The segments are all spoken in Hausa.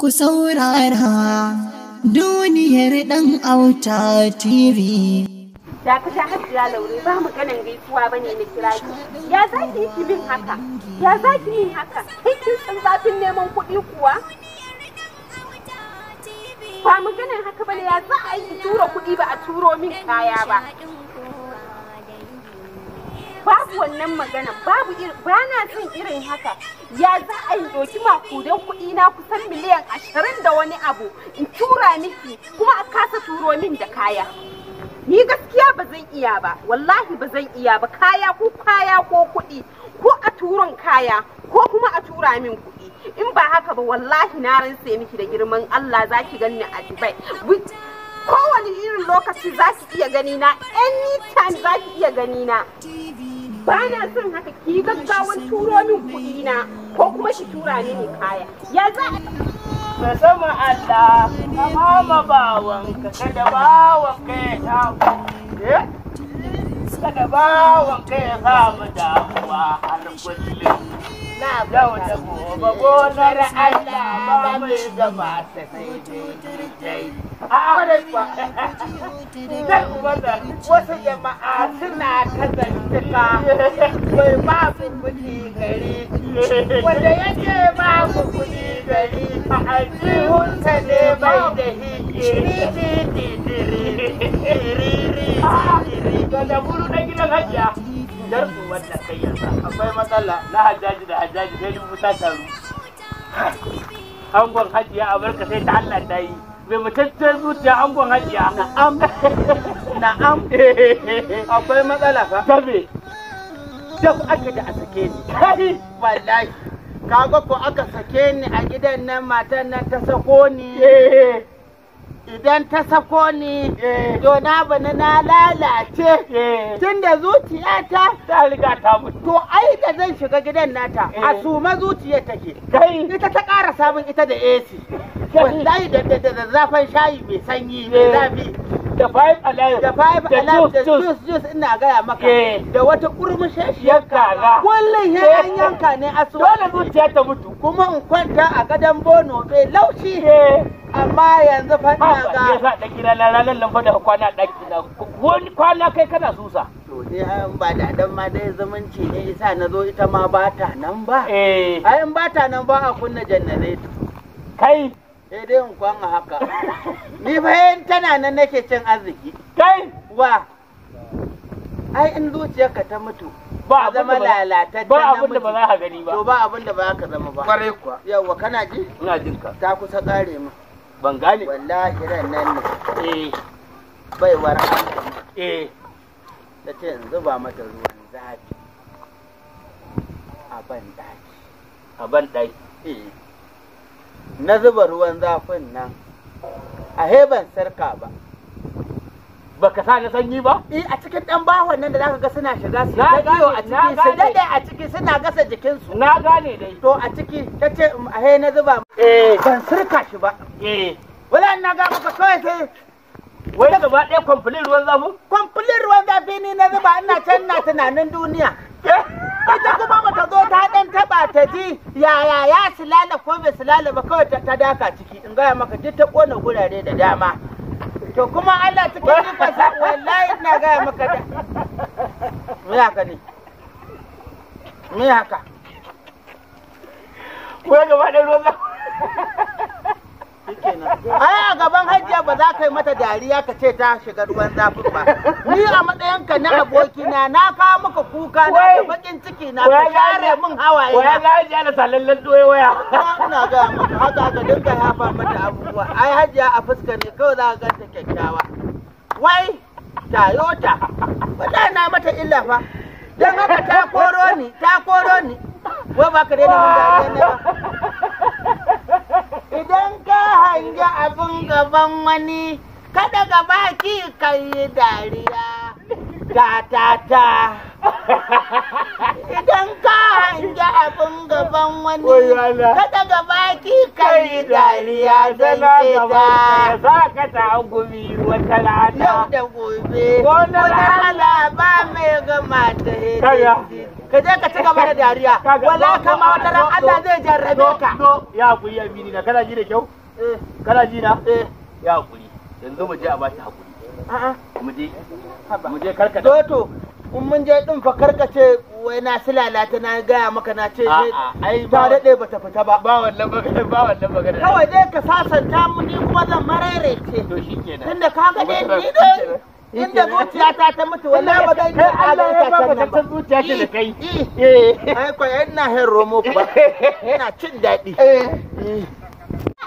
ku saurara duniyar ɗan auta TV. Da ka sha hajjiya laure ba mu ganin gaisuwa ba ne na kira ki. Ya za ki yi min haka? Ya za ki yi haka? Hikin sun zafin neman kuɗi kuwa? Ba mu ganin haka ba ne ya za a yi tura kuɗi ba a turo min kaya ba. babu wannan magana babu ba na son irin haka ya za a yi doki makudan kuɗi na kusan miliyan ashirin da wani abu in tura miki kuma a kasa turo min da kaya ni gaskiya ba zan iya ba wallahi ba zan iya ba kaya ko kaya ko kuɗi ko a turon kaya ko kuma a tura min kuɗi in ba haka ba wallahi na ransa miki da girman Allah za ki ganni a Dubai kowane irin lokaci za ki iya gani na anytime za ki iya gani na ba na son haka ki gaggawan turo min kuɗi na ko kuma shi tura ni ne kaya ya za ka sama Allah ka mama bawanka kada bawanka ya tafi eh? kada bawanka ya samu damuwa har kullum yau da gobe na Allah ba mai zama ta sai Zan wasu suna ta zantuka ba ku kuɗi Wanda yake ba ku ne da hikiri. gidan hajiya. kai yanzu akwai matsala na hajjaji da hajjaji sai dubu ta taru. Angon hajiya a barka sai ta Allah ta yi. mai mutaccen zuciya an gwan hajiya na'am na'am akwai matsala fa sabe da aka da a sake ni kai wallahi kaga ko aka sake ni a gidan nan matan nan ta sako ni eh. idan ta sako ni eh. to na bana na lalace eh. tunda zuciyata ta riga ta mutu to ai da zan shiga gidan nata a suma zuciya take kai ita ta ƙara sabon ita da AC wallahi da zafin shayi mai sanyi mai eh. zafi da five alive da five alive da juice juice ina gaya maka eh. da wata shi kurmushashiyar kaza kullum he eh. an yanka ne a dole zuciya ta mutu kuma in kwanta a gadon bono mai laushi amma yanzu fa ina ga ya sa daki na ranar lamfa da kwana daki na kwana kai kana susa to ne ba da dan ma dai zumunci ne isa na zo ita ma ba ta nan ba eh ayan ba ta nan ba a kunna jannanato kai sai eh, dai in kwan haka ni bayan eh, tana nan nake cin arziki kai wa ai in zuciyarka ta mutu ba zama lalata ba abin da ba za ka gani ba to ba abin da ba ka zama ba kware kuwa yawa kana ji ina jin ka ta kusa kare mu ban gane wallahi ran nan ne eh bai baiwar eh ta ce yanzu ba mata ruwan zafi a ban daki a ban daki eh na zuba ruwan zafin nan a heban sarka ba Ba ka sa na sanyi ba? E, a cikin dan bahon nan da za ka ga suna shiga su ta a ciki su dade a ciki suna gasa jikinsu. Na gane dai. To a ciki ta ce mm, a he na zuba eh ban sirka shi ba. Eh wala na ga maka kawai sai wai gaba ɗaya kwamfulin ruwan zafi? Kwamfulin ruwan zafi ne na zuba ina can na tunanin duniya. ita kuma ta zo ta dan taba ta ji yaya ya silala ko bai silala ba kawai ta daka ciki in gaya maka duk ta kona gurare da dama to kuma Allah cikin nufansa wallahi ina gaya maka da me haka ne me haka ko da ai a gaban hajiya ba za ka yi mata dariya ka ce ta shiga ruwan zafin ba ni a matsayinka na abokina na kawo maka kuka na da bakin ciki na ka share min hawaye na ga hajiya na salallan doye waya ina ga maka haka ka dinga yafa mata abubuwa ai hajiya a fuska ne kawai za ka ganta kyakkyawa wai tayota wata na mata illa fa don haka ta koro ni ta koro ni wai ba ka daina mun dariya ne ba idan ka hangi abin gaban wani kada ga baki kai dariya ta ta ta Idan ka hangi abin gaban wani, ka daga baki ka yi dariya don keta. Za ka ta gumi wata lada. Yau da gobe, wata ba mai gama ta hedin ka je ka ci gaba da dariya wala kama wata ran Allah zai jarrabe ka ya hakuri ya bini na kana ji da kyau eh. kana ji na eh. ya hakuri yanzu mu je a bashi hakuri mu je mu je karkata to in mun je din fa karkace wai na silalata na gaya maka na ce ta daɗe bata fita ba ba wannan magana ba wannan magana kawai dai ka sasanta mu ni kuma zan marere ce to shikenan tunda ka ga dai ni dai inda zuciyata ta mutu wallahi ba zan yi Allah ya baka tantan zuciya ce da kai eh ai ko ina hin romo ba ina cin daɗi eh.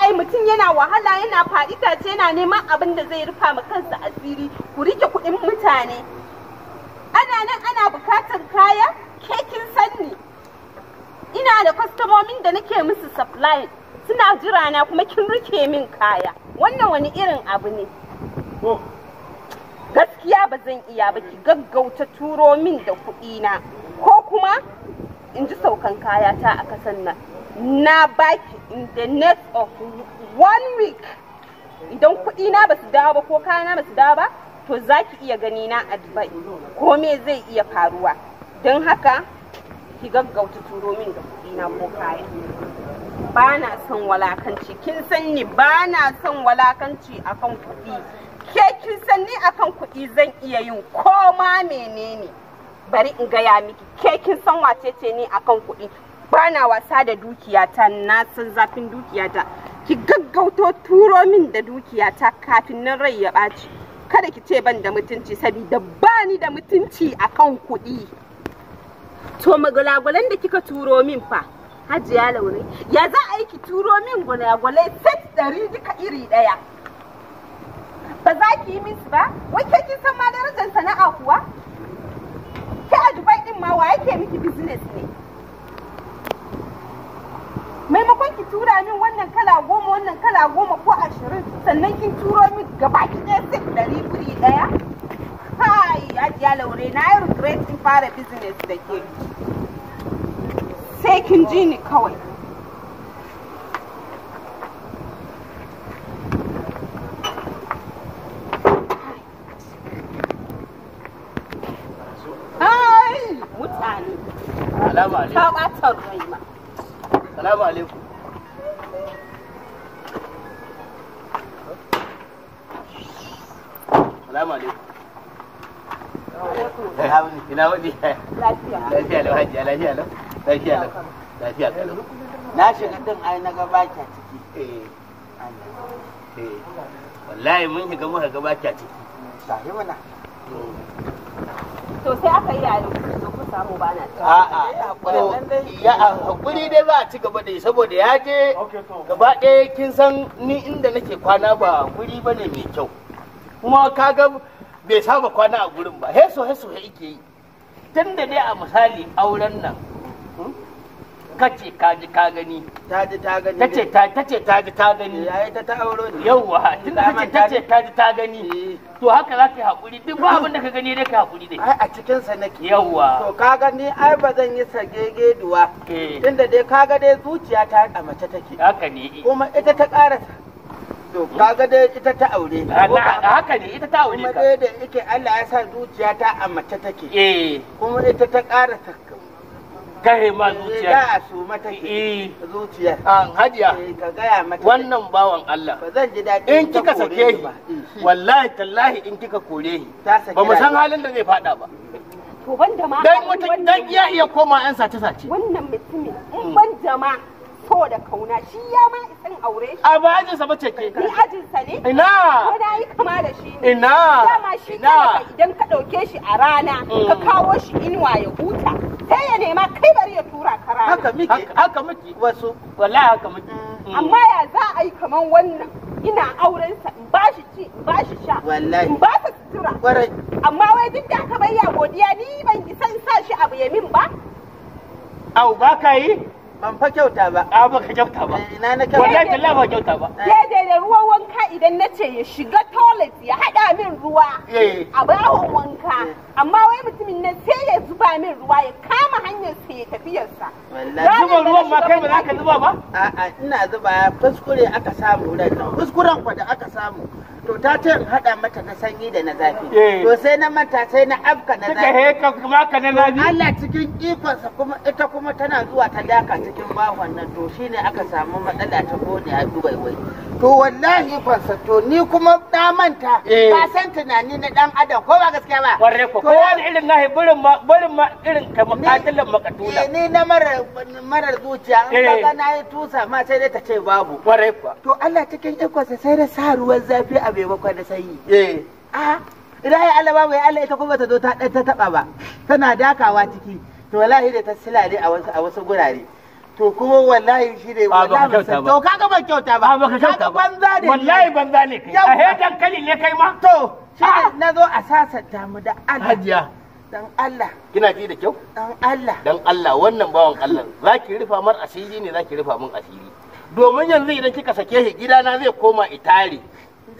ai mutum yana wahala yana faɗi ce yana neman abin da zai rufa ma kansa asiri ku rike kuɗin mutane ana nan ana bukatar kaya kekin sanni ina da kwastomomin da nake musu supply suna jira na kuma kin rike min kaya wannan wani irin abu ne oh. gaskiya ba zan iya ba ki gaggauta turo min da kuɗi na ko kuma in ji saukan kaya ta a kasan nan na baki in the next of one week idan kuɗi na ba su dawo ba ko kaya na ba su dawo ba to za ki iya gani na a dubai me zai iya faruwa don haka ki gaggauta turo min da kuɗi na ko kaya ba na son walakanci kin san ni ba na son walakanci akan kuɗi ke kin san ni akan kuɗi zan iya yin koma menene bari in gaya miki ke kin san wacece ni akan kuɗi ba na wasa da dukiyata na san zafin dukiyata ki gaggauta turo min da dukiyata kafin nan rai ya ɓaci kada ki ce ban da mutunci saboda ba ni da mutunci akan kuɗi to magulagulan da kika turo min fa hajiya laure ya za a yi ki turo min gulagulai set ɗari duka iri ɗaya ba za ki yi su ba wai ke kin san ma darajar sana'a kuwa Ki a dubai ɗin ma wa yake miki business ne maimakon ki tura min wannan kala goma wannan kala goma ko ashirin sannan kin turo min gaba ki ɗaya sif ɗari buri ɗaya kai ajiya laure na yi regret fara business da ke sai kin ji ni kawai Hai, mutane. Alama ne. assalamu alaikum assalamu alaikum ina wani lafiya lafiya lafiya lafiya na shiga din ai na ga baki ciki eh. eh wallahi mun shiga muka ga baki ciki mana to sai aka yi a samu ba na ya hakuri dai za a ci gaba da saboda ya je gaba ɗaya kin san ni inda nake kwana ba guri ba ne mai kyau kuma kaga bai saba kwana a gurin ba heso heso ya ike yi tun da dai a misali auren nan kace ka ji ka gani ta ji ta gani tace ta ce ta ji ta gani yayi ta ta auro ne yawa tun kace tace ta ji ta gani eh. to haka za ka yi hakuri duk ba abin da ka gani dai ka hakuri dai ai a cikin sa nake yawa to ka gani ai ba zan yi sagege duwa eh. tunda dai ka ga dai zuciya ta a mace take haka ne kuma ita ta karasa to kaga dai ita ta aure ah, haka ne ita ta aure ka kuma dai da yake Allah ya sa zuciya ta a mace take eh kuma ita ta ƙara kahe ma zuciya da su mata eh, eh zuciya an ah, hajiya eh, ka gaya mata wannan bawan Allah ba zan ji dadi in kika sake eh, shi wallahi tallahi in kika kore shi ba mu san halin da zai fada ba to ban da ma dan wata dan iya iya koma an sace sace wannan mutumin in hmm. ban da ma so da kauna shi ya ma isan aure shi a ba ajin sa bace ke ni ajin sa ne ina ko da yi kama da shi ne ina dama shi ina idan ka dauke shi a rana ka hmm. kawo shi inuwa ya huta kai ya nema kai bari ya tura kara haka miki haka miki wasu wallahi haka miki mm. amma ya za a yi kaman wannan ina auren sa in ba shi ci in ba shi sha wallahi in ba sa sutura kwarai amma wai duk da aka bayya godiya ni ban san sa shi abu ya min ba au ba ka yi Ban fa kyauta ba. A ba ka kyauta ba. Eh, ina na kyauta. Wallahi billahi ba kyauta ba. Eh. Daidai da ruwan wanka idan na ce ya shiga toilet ya haɗa min ruwa. Eh. A bawon wanka. Amma wai mutumin nan sai ya zuba min ruwa ya kama hanyar sa ya tafiyarsa. Wallahi. Zuba ruwan ma kai ba za ka zuba ba? A'a ina zuba kuskure aka samu nan. Kuskuren kwa da aka samu. to ta ce in haɗa mata na sanyi da na zafi eh. to sai na manta sai na afka na zafi ka na zafi Allah cikin ikonsa kuma ita kuma tana zuwa ta daka cikin bahon nan to shine aka samu matsala ta kone a Dubai wai to wallahi kwansa to ni kuma na manta eh. ka san tunani na dan adam ko ba gaskiya ba warre ko ko wani irin nahi burin ma burin ma irin ka katilan makatula eh, ni na marar mara zuciya an ka eh. ga nayi tusa ma sai dai ta ce babu warre ko to Allah cikin ikonsa sai da sa ruwan zafi a maimakon da sanyi eh a idan ya Allah babu ya Allah ita kuma ta zo ta ta taba ba tana dakawa ciki to wallahi da ta silale a wasu a wasu gurare to kuma wallahi shi ne wallahi ba to kaga ban kyauta ba ba ka kyauta ba banza ne wallahi banza ne kai a hedan dankali ne kai ma to shi ah. na zo a sasanta mu da Allah hajiya dan Allah kina ji da kyau dan Allah dan Allah wannan bawan Allah zaki rufa mar asiri ne zaki rufa mun asiri domin yanzu idan kika sake shi gidana zai koma itali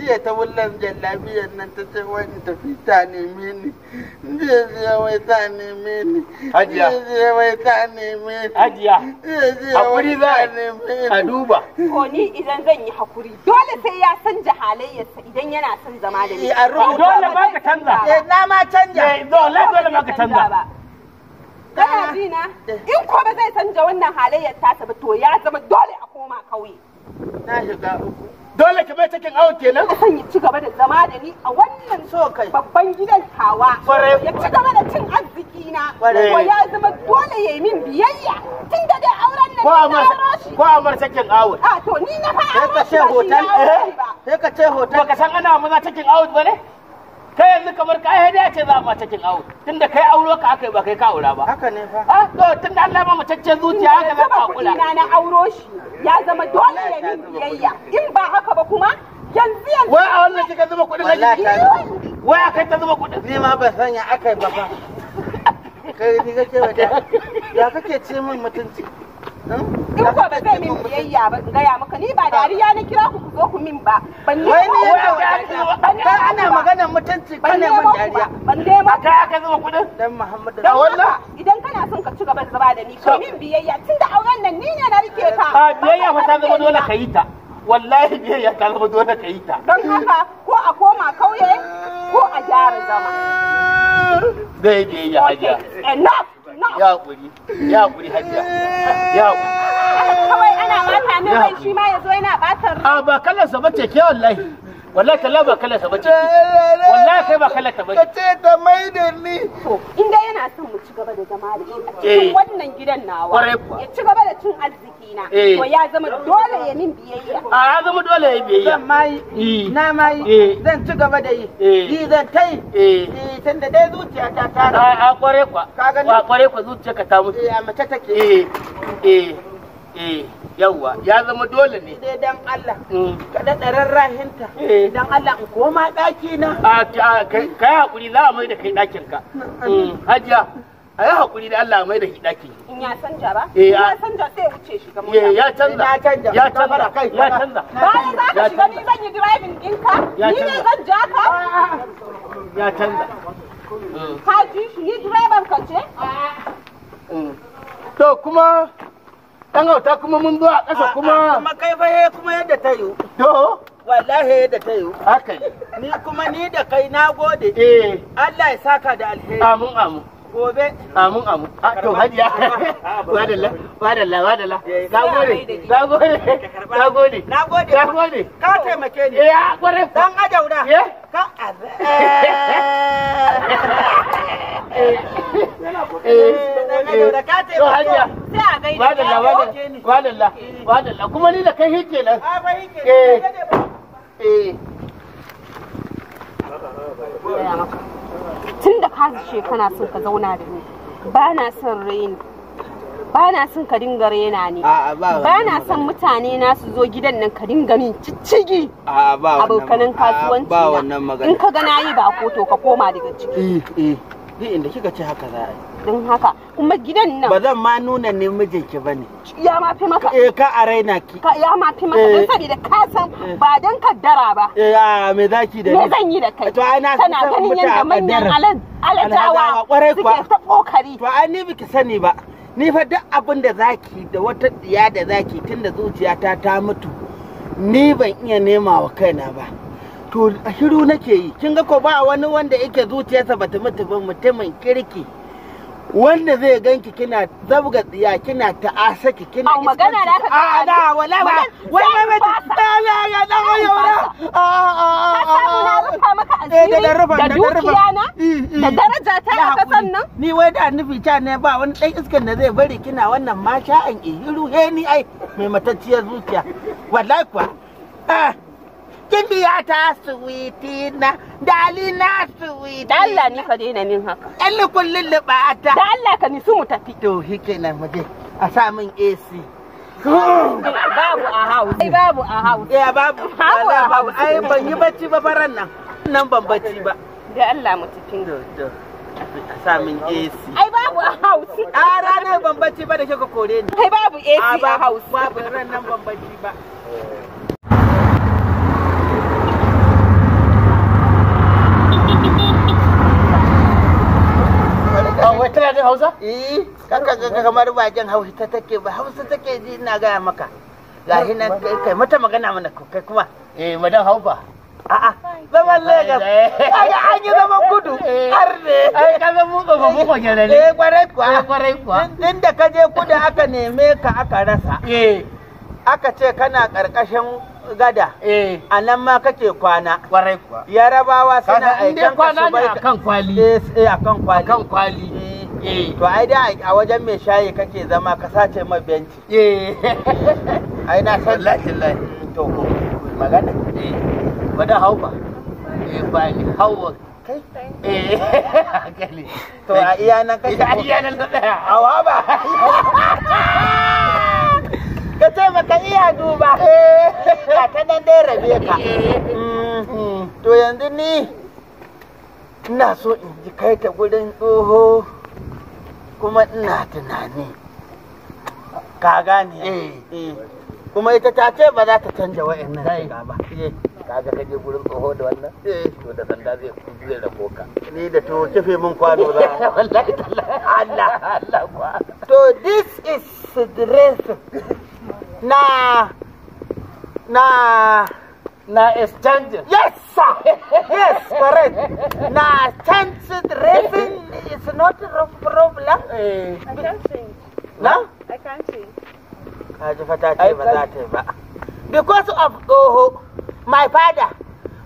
jiya ta wullan jallabiyar nan ta ce wani tafi ta neme ni jiya jiya wai ta neme ni hajiya jiya wai ta neme ni hajiya hakuri za a duba ko ni idan zan yi hakuri dole sai ya canja halayyarsa idan yana son zama da ni eh, dole ba ka canza eh, na ma canza canja eh, dole dole ba ka canza kana ah. ji na in ko ba zai canja wannan halayyar tasa ba to ya zama dole a koma kauye na shiga uku dole ka bai cikin awon kenan ka san ya ci gaba da zama da ni a wannan so kai babban gidan tawa ya ci gaba da cin arziki na ko ya zama dole ya yi min biyayya tun da dai auren nan ko roshi ko amar cikin awon a to ni na fa amar shi hotel eh sai ka ce hotel ka san ana maza cikin awon ba ne kai yanzu kamar ka ai da ce za ma kin awon tunda kai auro ka aka ba kai ka aura ba haka ne fa a ah, to tunda Allah ma mutaccen zuciya haka za ka hakura na na auro shi ya zama dole ya yi biyayya in ba haka ba kuma yanzu yanzu wai a wannan kika zuba na haji wai akai ta zuba kuɗi. ni ma ban sanya akai ba fa kai ni kake ya kake ce min mutunci hmm? Ka ko ba zai min biyayya ba in gaya maka ni ba dariya na kira ku ku zo ku min ba ban wai ana magana mutunci ka ne mun dariya ban ma kudin dan Muhammad da wallah idan kana son ka ci gaba da zama da ni kai min biyayya tunda auren nan ni ne na rike ka a biyayya fa ta zama dole ka yi ta wallahi biyayya ta zama dole ka yi ta Dan haka ko a koma kauye ko a gyara zama zai biyayya hajiya ya kuri ya kuri hajiya ya kawai ana bata min rai shi ma yazo yana bata rai a ba kallon sa bace ke wallahi wallahi kallon ba kallon sa bace wallahi kai ba kallon ta bace kace ta mai da ni in dai yana son mu ci gaba da zama da shi a cikin eh. wannan gidan nawa ya ci gaba da cin arziki na eh. to ya zama dole ya min biyayya a ya zama dole ya biyayya zan mai eh. na mai zan ci gaba da yi ni zan kai tunda dai zuciya ta tara a a zuciya ka ta mutu eh mace take eh eh Eh, yawwa ya zama dole ne sai dan Allah mm. ka da rarrahinta eh. dan Allah in koma daki na a kai hakuri za a mai da kai dakin ka mm. hajiya a yi hakuri da Allah mai da shi daki in ya canja ba eh, ya canja sai wuce shi kamar mota ya canja ya canja ya canja kai ya canja ba ya za ka shiga ni zan yi driving din ka ni ne zan ja ka ya canja mm. ka ji shi yi driver ka ce to kuma dan hauta kuma mun zo a ƙasa kuma kuma kai fa kuma yadda ta yi to wallahi yadda ta yi haka ni kuma ni da kai na gode eh Allah ya saka da alheri amin amin gobe amin amin a to hajiya wadala wadala wadala. na gode na gode gode na gode gode ka taimake ni eh gode. dan ajaura eh ka eh. wadalla wadalla kuma ni da kai hike nan eh eh tun da ka zuce kana son ka zauna da ni ba na son raini ba na son ka dinga rena ne ba na son mutane na su zo gidan nan ka dinga min ciccigi abokanin kasuwanci in ka ga na yi ba ko to ka koma daga ciki eh, eh. duk inda kika ce haka za a yi don haka kuma gidan nan ba zan ma nuna ne mijinki ba ne ya ma fi maka eh ka a raina ki ya ma fi maka don eh. saboda ka san eh. ba dan kaddara ba eh a me zaki da ni me zan yi da kai to ai na san ganin yanda manyan alad aladawa suke ta kokari to ai ni biki sani ba ni fa duk abin da zaki da wata diya da zaki tunda zuciyata ta mutu ni ban iya nema wa kaina ba to a shiru nake yi kin ga ko ba wani wanda yake zuciyarsa bata mutu ba mutumin kirki wanda zai ganki kina zabga tsiya kina ta'asa ki kina a magana da ka a da wala ba wai mai ba ta la ya eh, da yaura a a a da rufa da da na mm, mm. da daraja ta a kasan nan ni wai da nufi ta ne ba wani dan iskan da zai bari kina wannan ma sha'an ihiru he ni ai mai matacciyar zuciya wallahi kuwa ah. ta suwiti na na suwiti da Allah ni ka daina min haka yan kullun ta. da Allah ka nisu mu tafi to hikenan mu je a sa min AC babu a house ai babu a house Ya babu babu ai ban yi bacci ba faran nan nan ban bacci ba da Allah mu tafi a sa min AC. Ai babu a house. A ranar ban bacci ba da kika kore ni. Ai babu AC a house. Babu ran nan ban bacci ba. tana jin hausa eh kaka ga kamar ba jin hausa ta take ba hausa take ji ina gaya maka gahi nan kai mata magana mana kai kuma eh madan haufa a'a zaman Legas kaga an yi zaman gudu har eh, ne ai ka ga mu ba mu ko gare ne eh kwarai kuwa eh kwarai kuwa inda ka je kudu aka neme ka aka rasa eh aka ce kana karkashin gada eh. a nan ma kake kwana kwarai kuwa yarabawa suna aikan kasu bai kan kwali eh, eh akan kwali akan kwali Eh. to ai da a wajen mai shayi kake zama ka sace mai benci eh. ai na san wallahi mm, to magana eh bada hauba eh ba ni hawa kai eh to a iya nan kake a iya nan daya awa ba ka ce maka iya duba ka eh. ta nan dai rabe ka mm-hmm. to yanzu ni ina so in ji kai ta gudun tsoho kuma ina tunani ka gane eh, eh. eh kuma ita ta ce ba za ta canja wa'in nan shiga ba eh. kaga kaje gurin tsoho da wannan to da sanda zai zai rabo ka ni da to kife mun kwano za wallahi Allah Allah kwa to this is the dress na na na exchange. Yes, sir. yes, correct. na exchange raising is not a problem. Eh. I can't sing. No? I can't sing. Kaji fa ta ce ba za ta yi ba. Because of Oho, my father,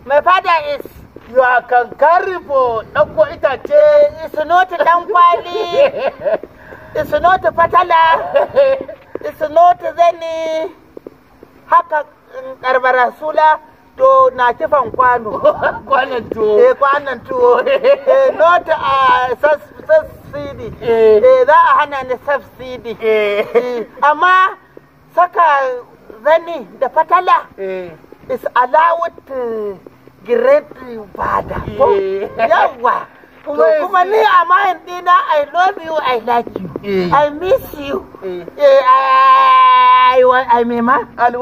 my father is you can carry for ɗauko itace. It's not ɗan kwali. It's not fatala. It's not zani. Haka ƙarbara mm, sula. to na kifan kwano kwanan tuwo eh kwanan tuwo eh not a subsidy eh za a hana ni subsidy eh. eh amma saka zani da fatala eh is allowed to eh, great bada eh. yawa kuma ni a mayan dina i love you i like you Eh. I miss you. Eh. Eh, I want I mean ma. I to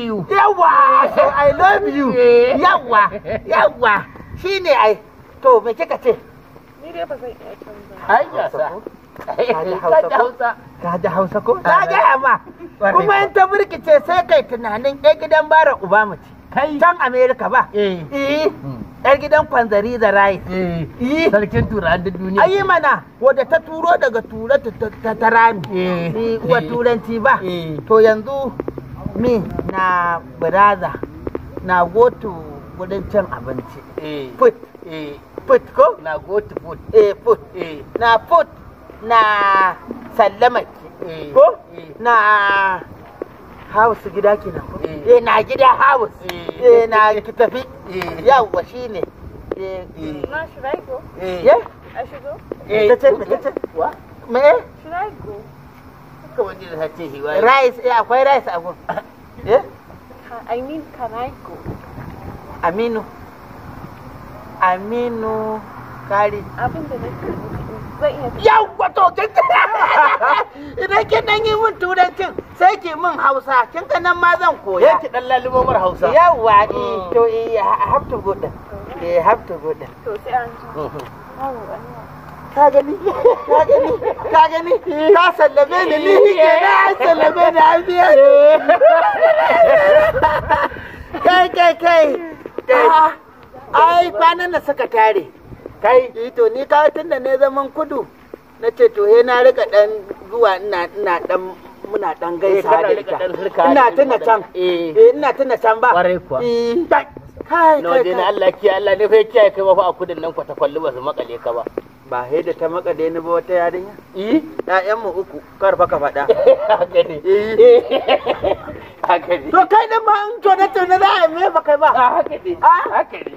you. Yawa. So I love you. Yawa. Yawa. Shine ai. To me Ka ji Hausa ko? Ka ji Kuma in ta birkice sai kai tunanin ɗan gidan bara uba mace. kai can america ba eh. eh yar gidan kwanzari da rai eh, eh. sarkin turan da duniya ayi mana wadda ta turo daga tura ta tarami eh wa eh. turanci ba to yanzu mi na braza na go to gudun can abinci put put ko na go to put eh put na put na sallamaki ko na house gida kenan eh. eh na gida house eh, eh na ki tafi eh. yawa ne eh na shi I ko eh yeah I should go eh ta ce wa me shi I ko ka wani da tace shi wai rice eh akwai rice a gun eh I mean can I go Aminu Aminu kare abin da nake idan kin dan yi min turancin sai ki min hausa kin ga nan ma zan koya yanki dan hausa eh mm. to eh, eh have to go eh have to go to sai an mm-hmm. ka gani ka gani ka gani ka sallame ni ni ke na sallame ni an biya kai kai kai ah. ai kwanan da suka tare kai eh to ni ka da ne zaman kudu na ce to he na rika dan zuwa ina ina dan muna dan eh, gaisa da ita ina tuna can eh. eh ina tuna can ba kwarai kuwa kai kai kai Allah kiyaye Allah ne fa kiyaye kai ba fa a kudin nan kwata kwalli ba su makale ka ba ba he da ta makale ni ba wata yarinya eh ƴaƴan mu uku kar fa ka faɗa haka ne eh ne to kai din ma in to na to na da me ba kai ba ah, haka ne ah. haka ne